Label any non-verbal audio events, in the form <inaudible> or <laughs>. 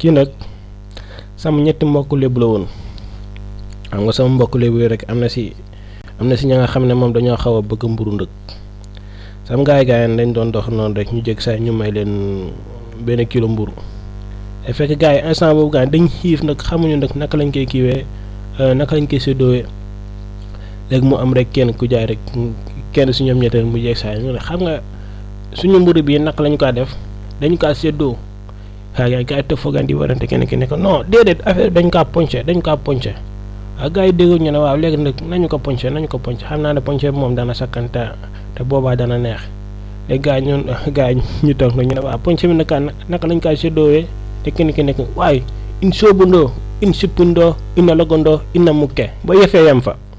kii nag sam ñetti mbokk lébu la woon xam nga sam mbokk lébu yi rek am na si am na si ña nga xam ne moom dañoo xaw a bëgg mburu ndëg sam gaay gaayeen dañ doon dox noonu rek ñu jég saay ñu may leen benn kilo mburu te fekk gars yi instant boobu gars dañ xiif nag xamuñu nag naka lañ koy kiiwee euh, naka lañ koy séddoowee léegi mu am rek kenn ku jaay rek kenn si ñoom ñetteel mu jég saay ñu xam nga suñu mburu bii naka lañ ko def dañ kaa séddoo ah yaay gars yi te foogaan di warante kenn ki ne ko non déedéet affaire dañ kaa poncé dañ kaa poncé ah gars yi dégguñu ñu ne waaw léegi nag nañu ko poncé nañu ko poncé xam naa ne poncé bi moom dana sakkan te te boobaa dana neex léegi gars yi <laughs> ñu toog na ñu ne waaw poncé bi naka naka lañ kaa séddoowee te kenn ki nekk waaye in soobandoo in sippandoo in logandoo in mukke ba yëfee yem fa